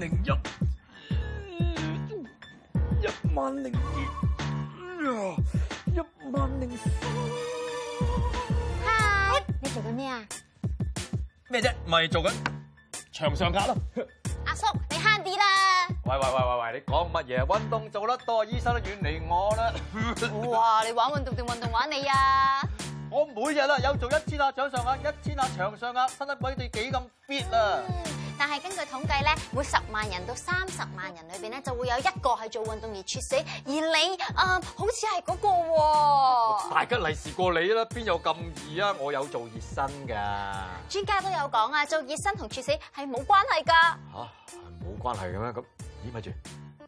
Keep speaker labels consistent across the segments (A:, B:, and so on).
A: 零一，一萬零二，一萬
B: 零三。嗨，你做緊咩啊？
A: 咩啫，咪做緊掌上壓咯。
B: 阿叔，你慳啲啦。
A: 喂喂喂喂喂，你講乜嘢？運動做得多，醫生都遠離我啦。
B: 哇，你玩運動定運動玩你啊？我每日啦有做一
A: 千下掌上壓，一千下掌上壓，身底底幾咁 fit 啊！嗯，
B: 但係根據統計咧，每十萬人到三十萬人裏邊咧，就會有一個係做運動而猝死，而你啊，好似係嗰個
A: 大吉利是過你啦，邊有咁易啊？我有做熱身噶，
B: 專家都有講啊，做熱身同猝死係冇關係噶
A: 吓，冇關係嘅咩？咁咦咪住。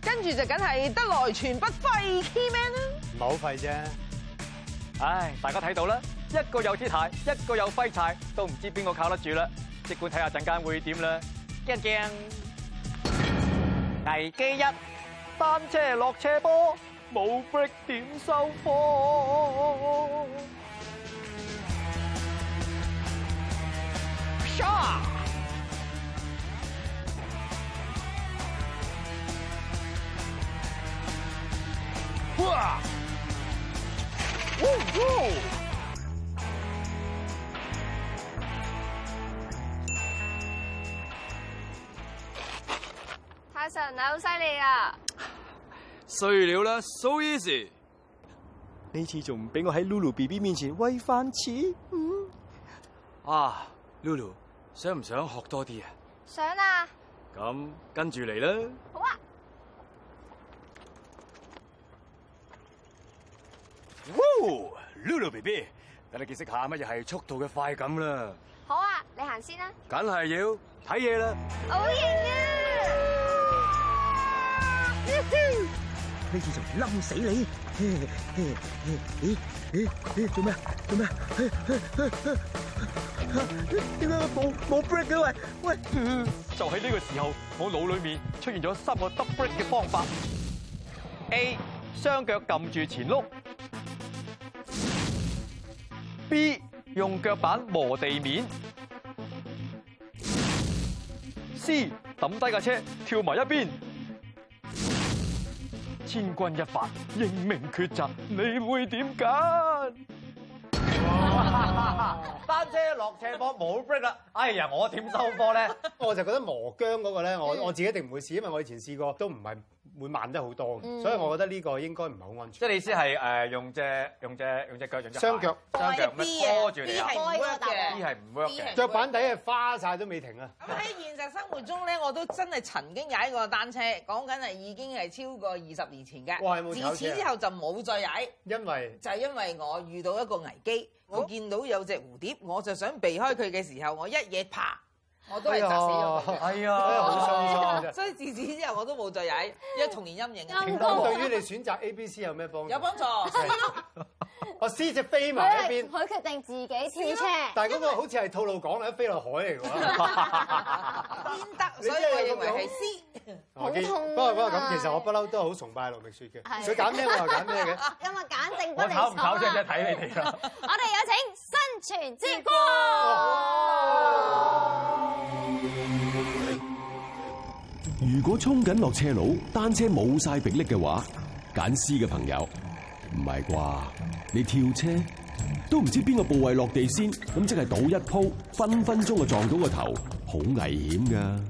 B: 跟住就梗係得來全不費 Keyman
C: 啦，唔好費啫！
A: 唉、哎，大家睇到啦，一個有姿態，一個有揮柴都唔知邊個靠得住啦。即管睇下陣間會點啦，驚驚！危機一，單車落斜坡冇 brake 點收貨。碎料啦，so easy！呢次仲唔俾我喺 Lulu B B 面前喂飯匙？啊，Lulu 想唔想學多啲啊？想啊！咁跟住嚟啦！好啊 Woo，Lulu B B，等你見識下乜嘢係速度嘅快感啦！好啊，你
D: 行先、啊、啦！
A: 梗係要睇嘢啦！
D: 好型啊！
C: 呢次就冧死你！做、哎、咩、哎哎哎哎？做咩？點解
A: 我冇冇 brake 嘅喂？喂！就喺呢個時候，我腦裏面出現咗三個得 brake 嘅方法：A 雙腳撳住前轆，B 用腳板磨地面，C 抌低架車跳埋一邊。千鈞一髮，英明抉擇，你會點揀？
C: 單車落斜坡冇 brake 啦！哎呀，我點收波咧？我就覺得磨姜嗰、那個咧，我我自己一定唔會試，因為我以前試過都唔係。會慢得好多，嗯，所以我覺得呢個應該唔係好安全。
A: 即係你意思係誒用隻用隻
C: 用隻腳用隻腳腳雙腳咩拖住嚟遊，B 係唔 work 嘅，B 係唔 work 嘅。著板底啊花晒都未停啊！咁
B: 喺現實生活中咧，我都真係曾經踩過單車，講緊係已經係超過二十年前㗎。自此之後就冇再踩，因為就因為我遇到一個危機，我見到有隻蝴蝶，我就想避開佢嘅時候，我一嘢爬。我都係砸死咗、哎，係 啊、哎，好、哎哎、傷心、啊。所以自此之後我都冇再踩。因為童年陰影、嗯。陰影、嗯、對於你
C: 選擇 A、B、C 有咩幫助？有幫助。我 C 隻飛埋一邊他，
B: 佢決定自己跳車。
C: 但係嗰個好似係套路講啦、嗯，飛落海嚟㗎。堅、嗯、得、嗯嗯嗯，
B: 所以我認為 C？好崇。不過不過咁，其實我
C: 不嬲都好崇拜盧覓雪嘅，想揀咩就揀咩嘅。
B: 因為簡正，我考唔考真係睇你哋啦。我哋有請生存之道。
D: 如果衝緊落斜路，單車冇晒迫力嘅話，揀 C 嘅朋友唔係啩？你跳車都唔知邊個部位落地先，咁即係倒一仆，分分鐘就撞到個頭，好危險㗎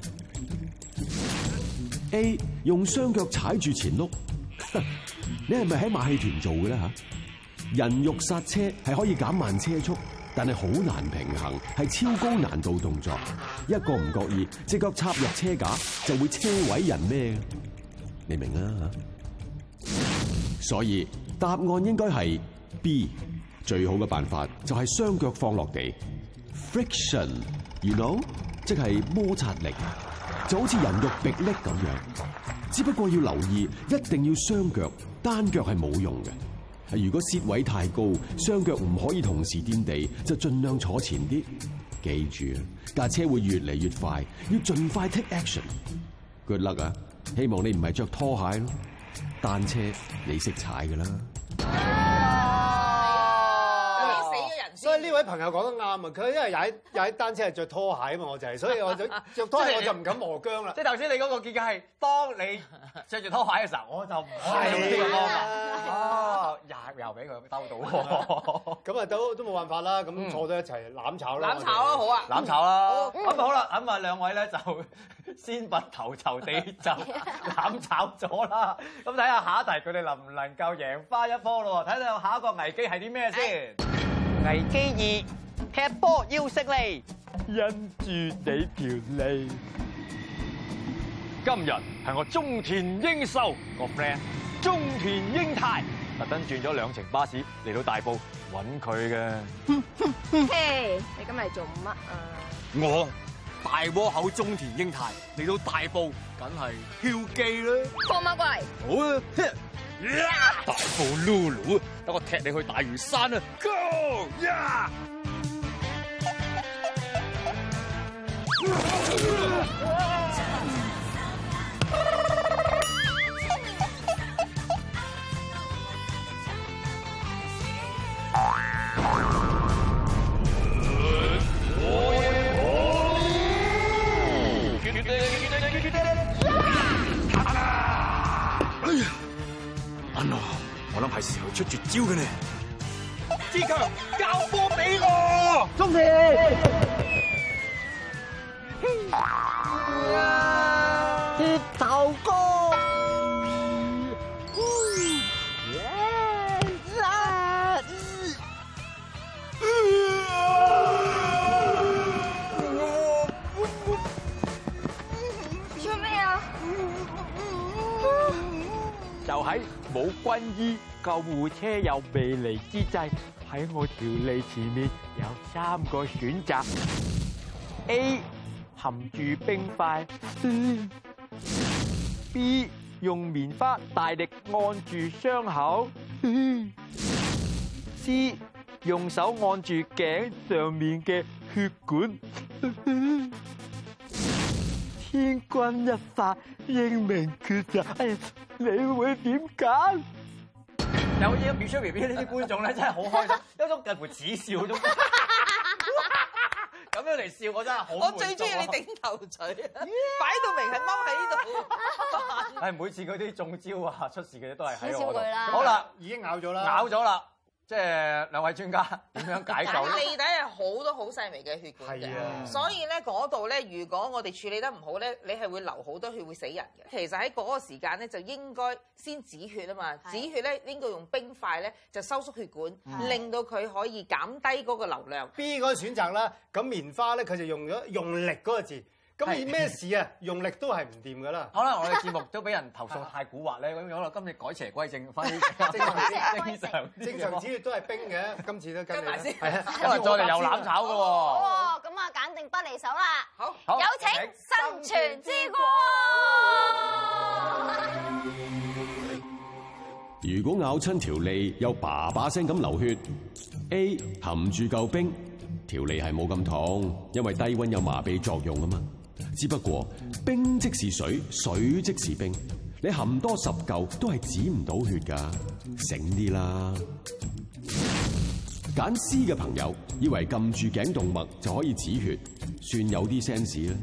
D: ！A 用雙腳踩住前碌，你係咪喺馬戲團做嘅呢？吓？人肉剎車係可以減慢車速。但係好難平衡，係超高難度動作，一個唔覺意，隻腳插入車架就會車毀人命。你明啊？所以答案應該係 B，最好嘅辦法就係雙腳放落地，friction，you know，即係摩擦力，就好似人肉迫力咁樣，只不過要留意，一定要雙腳，單腳係冇用嘅。如果座位太高，雙腳唔可以同時掂地，就盡量坐前啲。記住，架車會越嚟越快，要盡快 take action。Good luck 啊，希望你唔係着拖鞋咯。單車你識踩㗎啦。
C: 呢位朋友講得啱啊！佢因為踩踩單車係着拖鞋啊嘛，我就係、是，所以我就着拖鞋我就唔敢磨薑啦。即
A: 係頭先你嗰個結構係當你穿着住拖鞋嘅時候，我就唔係、哎、啊，啊！又又俾佢兜
C: 到，咁 啊都都冇辦法啦。咁坐咗一齊攬炒啦，攬炒啦，炒好啊，攬炒啦。咁、
A: 嗯、好啦，咁、嗯、啊兩位咧就先拔頭籌地就攬炒咗啦。咁睇下下一題佢哋能唔能夠贏返一波咯？睇睇下一個危機係啲咩先。哎危機二，踢波要識力，因住你條脷。今日係我中田英壽個 friend，中田英泰特登轉咗兩程巴士嚟到大埔揾佢嘅。O K，你今日做乜啊？我大窩口中田英泰嚟到大埔，梗係囂機
B: 啦。放馬過嚟，
A: 好啊，嘿。
D: 大步碌碌，等我踢你去大嶼山啊
B: ！Go 呀！Yeah!
A: 軍醫，救護車又未嚟之際，喺我條脷前面有三個選擇：A 含住冰塊，B 用棉花大力按住傷口，C 用手按住頸上面嘅血管。千鈞一髮英明抉擇，你會點揀？有嘢 m i c b b 呢啲觀眾咧，真係好開心，有一種近乎恥笑咁樣嚟笑，我真係好滿足。我最中意你頂
B: 頭鎚，擺到明係踎喺度。係、啊啊啊
A: 啊啊、每次嗰啲中招啊、出事嘅都係喺我度。好啦，已經咬咗啦，咬咗啦。即係兩位專家點樣解救啦？
B: 你耳下好多好細微嘅血管、啊、所以咧，嗰度咧，如果我哋處理得唔好咧，你係會流好多血，會死人嘅。其實喺嗰個時間咧，就應該先止血啊嘛。啊，止血咧應該用冰塊咧，就收縮血管，啊、令到佢可以減低嗰個流量。
C: B 嗰個選擇啦，咁棉花咧佢就用咗用力嗰個字。咁咩事啊？用力都係唔掂噶啦！好啦，我哋節目都俾人
A: 投訴太蠱惑咧，咁樣啦。今日改邪歸正，返啲正常、
C: 正常、正常，只都係冰嘅。今次都跟你先，今日、啊、再嚟
B: 又攬炒㗎喎。哦，咁啊，揀定不離手啦！好，有請生存之道。
D: 如果咬親條脷有爸爸聲咁流血，A 含住嚿冰，條脷係冇咁痛，因為低溫有麻痹作用啊嘛。只不過冰即是水，水即是冰。你含多十舊都係止唔到血噶，醒啲啦！揀 C 嘅朋友以為撳住頸動脈就可以止血，算有啲 sense 啦。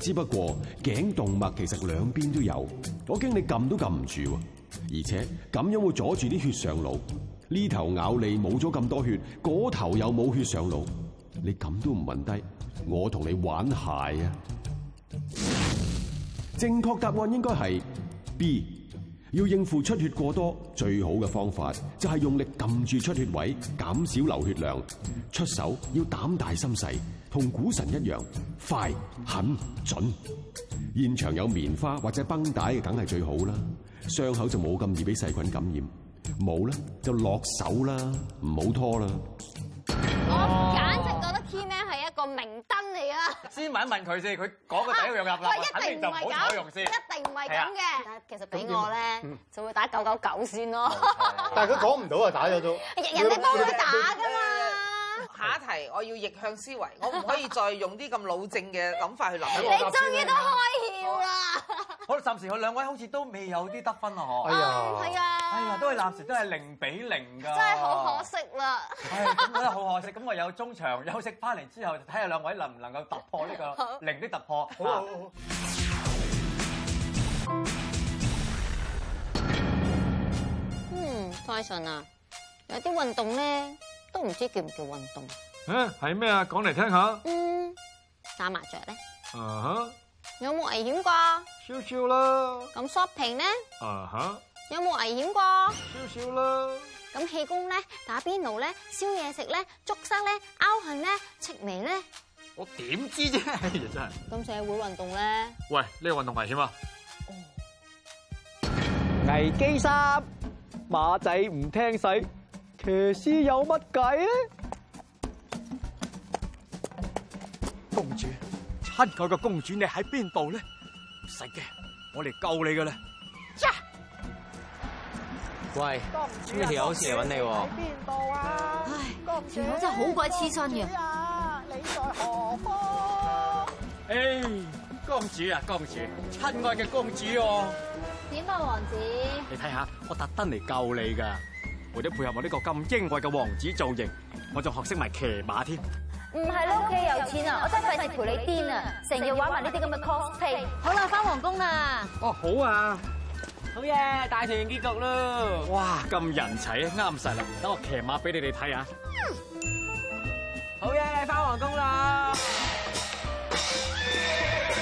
D: 只不過頸動脈其實兩邊都有，我驚你撳都撳唔住，而且咁樣會阻住啲血上腦。呢頭咬你冇咗咁多血，嗰頭又冇血上腦，你咁都唔暈低，我同你玩鞋啊！正確答案應該係 B。要應付出血過多，最好嘅方法就係用力撳住出血位，減少流血量。出手要膽大心細，同股神一樣，快、狠、準。現場有棉花或者繃帶嘅梗係最好啦，傷口就冇咁易俾細菌感染。冇咧就落手啦，唔好拖啦。
A: 先問一問佢先，佢講個第一樣入啦、啊嗯，一定唔係咁，一定唔係咁嘅。
B: 其實俾我咧、嗯，就會打九九九先咯。 但係
C: 佢講唔到啊，打咗都。
B: 人哋幫佢打㗎嘛。下一題我要逆向思維，我唔可以再用啲咁老正嘅諗法去諗。 你終於都開竅啦！我 哋暫時佢兩位好似都
A: 未有啲得分啊，嗬、 哎。係啊。係啊。哎呀，都係暫時都係零比零㗎。真
B: 係好可惜啦。
A: 係、 哎，咁啊好可惜。咁我有中場休息翻嚟之後，就睇下兩位能唔能夠突破呢個零的突破。 好， 好，
B: 好，好。嗯，蔡順啊，有啲運動咧。都唔知叫唔叫運動？啊，
A: 係咩啊？講嚟聽下。嗯，
B: 打麻雀咧。啊哈。有冇危險啩？少少啦。咁 shopping 咧？啊哈。有冇危險啩？少少啦。咁氣功咧，打邊爐咧，燒嘢食咧，捉虱咧，拗痕咧，戚眉咧？
A: 我點知啫？真係。
B: 咁社會運動咧？
A: 喂，呢個運動危險呀？哦。危機三，馬仔唔聽使。騎師有乜計，公主，親愛嘅公、公主，你喺邊度咧？唔使嘅，我嚟救你噶啦！喂，我有事揾你，喺邊度啊？唉，
B: 公主真係好鬼痴心嘅。子啊，啊，你在何方？
A: 唉、哎，公主啊，公主，親愛嘅公主哦、啊。
B: 點啊，王子？你
A: 睇下，我特登嚟救你噶。為咗配合我呢個咁矜貴嘅王子造型，我就學識埋騎馬添。
B: 唔係咯，你有錢啊，我真係費事陪你癲啊，成日、啊、玩埋呢啲咁嘅 cosplay。好啦，返皇宮啦。
A: 哦，好啊。好嘢，大團圓結局咯。哇，咁人齊啱晒啦，等我騎馬俾你哋睇啊。好嘢，返、嗯、皇宮啦。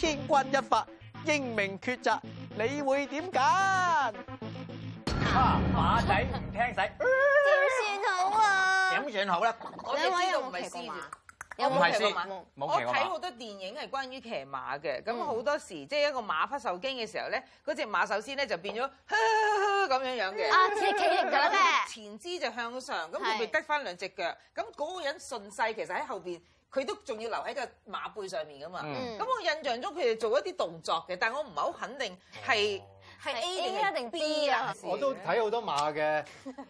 A: 千鈞一髮，英明抉擇，你會點揀？馬仔唔聽使，
B: 點算好啊？點算好咧？
D: 有冇騎
A: 過
B: 馬？有冇騎過馬？我睇好多電影係關於騎馬嘅，咁好多時即係一個馬匹受驚嘅時候咧，嗰隻馬首先咧就變咗呵咁樣樣嘅。啊，只企住就得咩？前肢就向上，咁佢咪得翻兩隻腳？咁嗰個人順勢，其實喺後邊。佢都仲要留喺個馬背上面噶嘛、嗯？咁我印象中佢哋做一啲動作嘅，但我唔係好肯定係係、哦、A 定 B, B 啊。我都睇好
C: 多馬嘅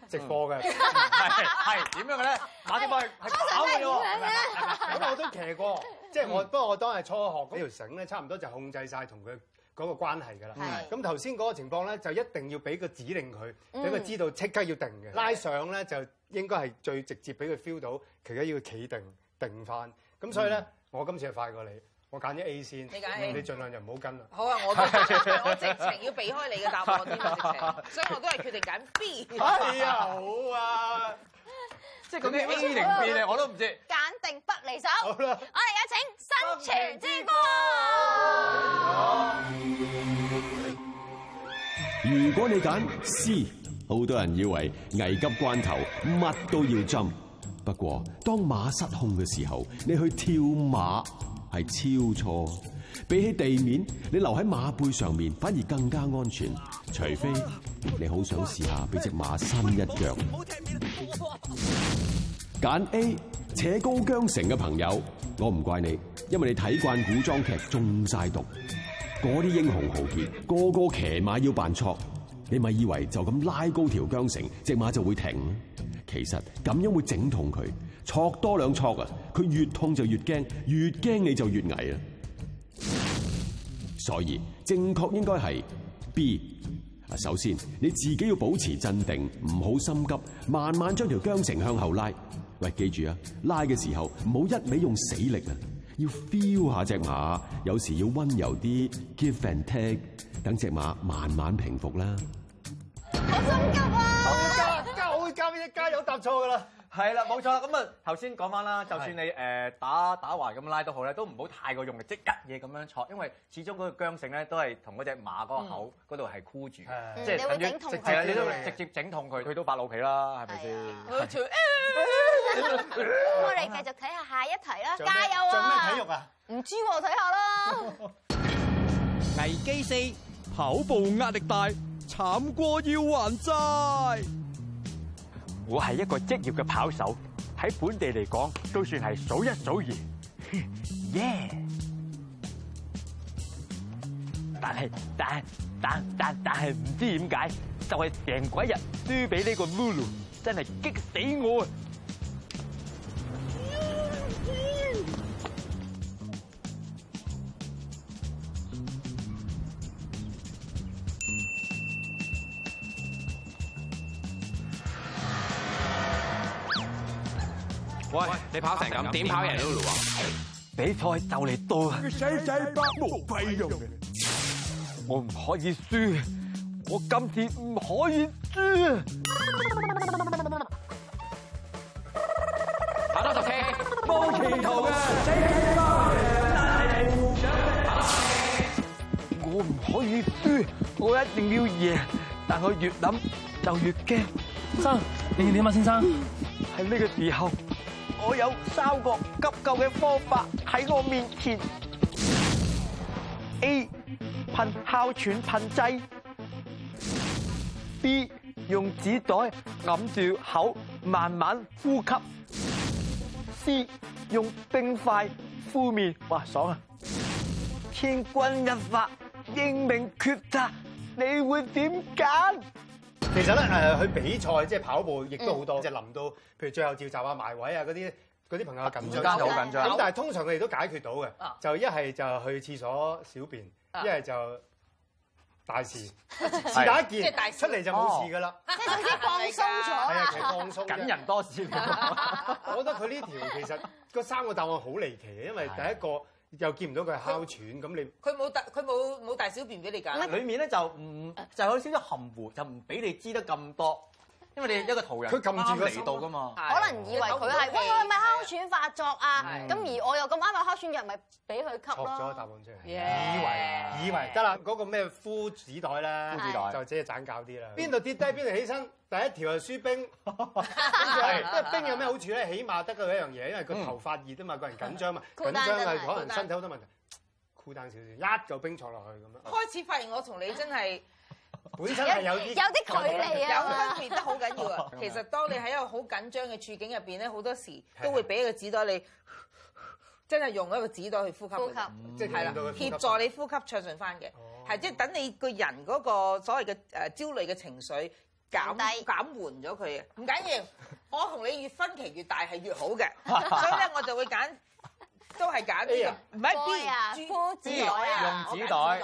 C: 直播嘅、嗯，係點樣嘅咧？馬嘅馬
B: 係搞嘅喎，咁、欸嗯、
C: 我都騎過，即、嗯、係我不過我當係初學嗰、嗯、條繩咧，差唔多就控制晒同佢嗰個關係㗎啦。咁頭先嗰個情況咧，就一定要俾個指令佢，俾佢知道即刻要定嘅拉上咧，就應該係最直接俾佢 feel 到，其實要企定。定翻，咁所以咧，嗯，我今次係快過你，我揀咗 A 先，你揀，你盡量就唔好跟啦。好
B: 啊，我 我直情要避開你嘅答案我，所以我都係決定揀 B。係啊，好啊，即係咁啲 A 零 B 例、啊，我都唔知。揀定不離手，好、啊，我哋有請生存之歌
D: 如果你揀 C，好多人以為危急關頭乜都要浸。不過，當馬失控嘅時候，你去跳馬係超錯。比起地面，你留喺馬背上面反而更加安全。除非你好想試下俾隻馬伸一腳。揀 A 扯高韁繩嘅朋友，我唔怪你，因為你睇慣古裝劇中晒毒，嗰啲英雄豪傑個個騎馬要扮錯，你咪以為就咁拉高條韁繩，隻馬就會停。其實咁樣會整痛佢，挫多兩挫啊！佢越痛就越驚，越驚你就越危啊！所以正確應該係 B 啊。首先你自己要保持鎮定，唔好心急，慢慢將條韁繩向後拉。喂，記住啊，拉嘅時候唔好一味用死力啊，要 feel 下隻馬，有時要温柔啲，give and take，等隻馬慢慢平復啦。
B: 我心急啊！
A: 加油，答錯噶啦，係啦，冇錯。咁啊，頭先講翻啦，就算你誒打打橫咁拉都好咧，都唔好太過用力，即刻嘢咁樣挫，因為始終嗰個韁繩咧都係同嗰隻馬嗰個口嗰度係箍住，即係你會整痛佢，你都直接整痛佢，佢都白老皮啦，係咪先？我哋繼續睇下
B: 下一題啦，加油啊！做咩體育啊？唔知喎，睇下咯。
A: 危機四，跑步壓力大，慘過要還債。我係一個職業嘅跑手，喺本地嚟講都算係數一數二，耶！但係但係但但但係唔知點解，就係成鬼日輸俾呢個 Lulu，真係激死我啊！
C: 你跑成咁，點跑
A: 贏魯魯啊？比賽就嚟到，死仔包冇用嘅。我唔可以輸，我今次唔可以輸。行啦，就車。冇前途嘅。我唔可以輸，我一定要贏。但係我越諗就越驚。生，你要點啊？先生，喺呢個時候。我有三個急救嘅方法喺我面前：A. 噴哮喘噴劑；B. 用紙袋揞住口慢慢呼吸；C. 用冰塊敷面。哇，爽啊！千鈞一髮，英明
C: 抉擇，你會點揀？其實咧，誒、呃，去比賽即係跑步，亦都好多，就、嗯、臨到，譬如最後召集啊、埋位啊嗰啲嗰啲朋友緊張，好緊張。咁但係通常佢哋都解決到嘅、啊，就一係就去廁所小便，一、啊、係就大事。
B: 事、啊、打一件出嚟就冇事㗎啦，即係、哦啊啊就是啊啊、已之放鬆咗，緊人
C: 多少，啊啊、 我覺得佢呢條其實個三個答案好離奇嘅，因為第一個。又見唔到佢係哮喘，咁你
B: 佢冇大佢冇冇大小便俾你㗎？裡面
A: 呢，就唔就有少少含糊，就唔俾你知得咁多。因為你一個
B: 途人，佢撳住佢嚟到㗎嘛，啊啊、可能以為佢係，喂，佢係咪哮喘發作啊？咁、啊、而我又咁啱買哮喘藥，咪俾佢吸咯，答案。錯咗大
C: 半出嚟，以為以為得啦，嗰、那個咩敷紙袋啦，啊、就即係盞搞啲啦。邊度、啊、跌低邊度起身，第一條就輸冰，
B: 哈哈哈哈 啊、冰
C: 有咩好處咧？起碼得個一樣嘢，因為個頭發熱啊嘛，個人緊張嘛，緊張係可能身體好多問題，攤少少一嚿冰坐落去咁樣。開
B: 始發現我同你真係。本身係有啲有啲距離啊，有分別都好緊要啊。其實當你喺一個好緊張嘅處境入邊咧，好多時都會俾一個紙袋你，真係用一個紙袋去呼吸，呼吸，即、就、係、是、協助你呼吸暢順翻嘅，係即係等你個人嗰個所謂嘅誒焦慮嘅情緒減，減緩咗佢啊。唔緊要，我同你越分歧越大係越好嘅，所以咧我就會揀。都係揀啲唔係 B、袋 J、用紙袋，紙袋，袋，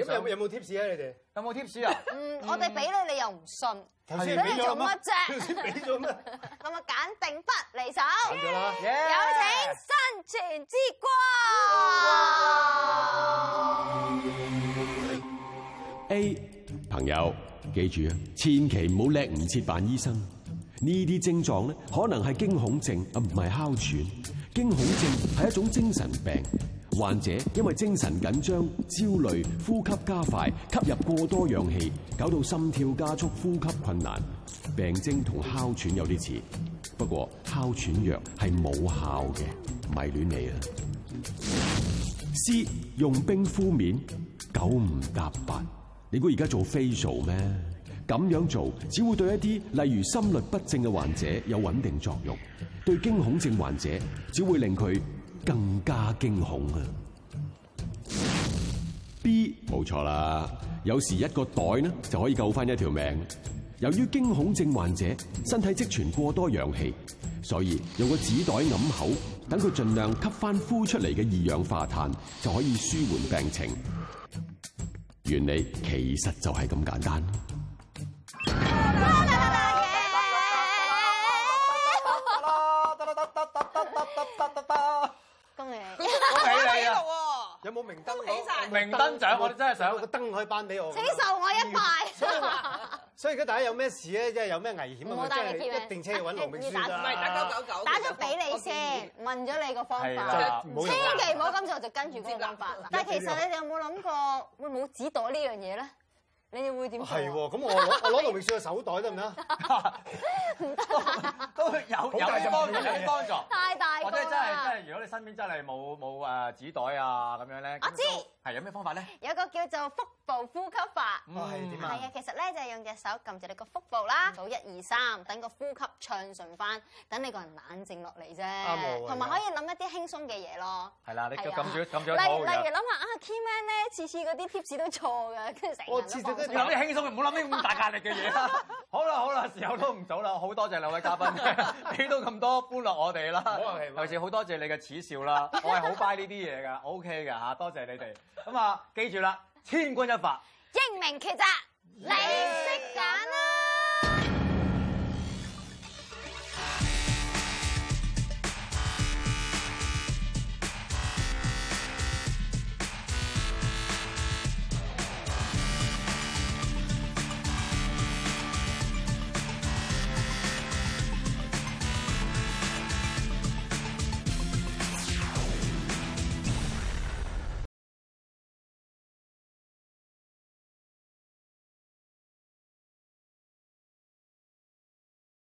B: 子袋如有沒有。咁 有有
C: 冇貼士啊？你哋有冇貼士
B: 啊？嗯， 我哋俾你，你又唔信。頭先俾咗咩？頭先俾咗咩？咁啊，揀定不離手。了 yeah! 有請生存之光。
D: A 朋友，記住啊，千祈唔好叻唔切扮醫生。呢啲症狀咧，可能係驚恐症啊，唔係哮喘。驚恐症係一種精神病，患者因為精神緊張、焦慮，呼吸加快，吸入過多氧氣，搞到心跳加速、呼吸困難，病徵同哮喘有啲似。不過哮喘藥係冇效嘅，咪亂嚟啊！C 用冰敷面，九唔搭八，你估而家做 facial 咩？咁樣做只會對一啲例如心律不正嘅患者有穩定作用，對驚恐症患者只會令佢更加驚恐啊！B 冇錯啦，有時一個袋呢就可以救翻一條命。由於驚恐症患者身體積存過多氧氣，所以用個紙袋掩口，等佢盡量吸翻呼出嚟嘅二氧化碳，就可以舒緩病情。原理其實就係咁簡單。
B: 明燈獎，我哋
C: 真係想個燈可以頒俾我。請受我
B: 一拜所 所。
C: 所以而家大家有咩事咧？即係有咩危險咧？即係、就是、一定千祈揾羅明書，唔係打九九九，打咗俾你先，
B: 問咗你方個方法。千祈唔好咁做，就跟住嗰個方法。但係其實你哋有冇諗過冇紙袋呢樣嘢咧？你要會點？係喎，咁我攞我攞
C: 盧覓雪嘅手袋得唔得？唔 得不行， 都有有幫助，大 有幫
A: 助，
B: 太大過真係真係。
A: 如果你身邊真係冇冇誒紙袋啊咁樣咧，我知係有咩方法咧？
B: 有一個叫做腹部呼吸法。咁係點啊？其實咧就係、用隻手撳住你個腹部啦，做一二三，等個呼吸暢順翻，等你個人冷靜落嚟啫。同埋可以諗一啲輕鬆嘅嘢咯。
A: 係啦，你撳住撳住。例如例如
B: 諗下啊，Keyman 咧，次次嗰啲 tips 都錯嘅，跟住成你諗啲輕鬆，
A: 唔好諗啲咁大壓力嘅嘢啦。好啦好啦，時候都唔早啦，好多謝兩位嘉賓，俾到咁多歡樂我哋啦。好，問題。尤其好多謝你嘅恥笑啦，我係好 buy 呢啲嘢㗎，OK 㗎。多謝你哋。咁啊，記住啦，千鈞一髮，
B: 英明抉擇，你識揀啦。Yeah!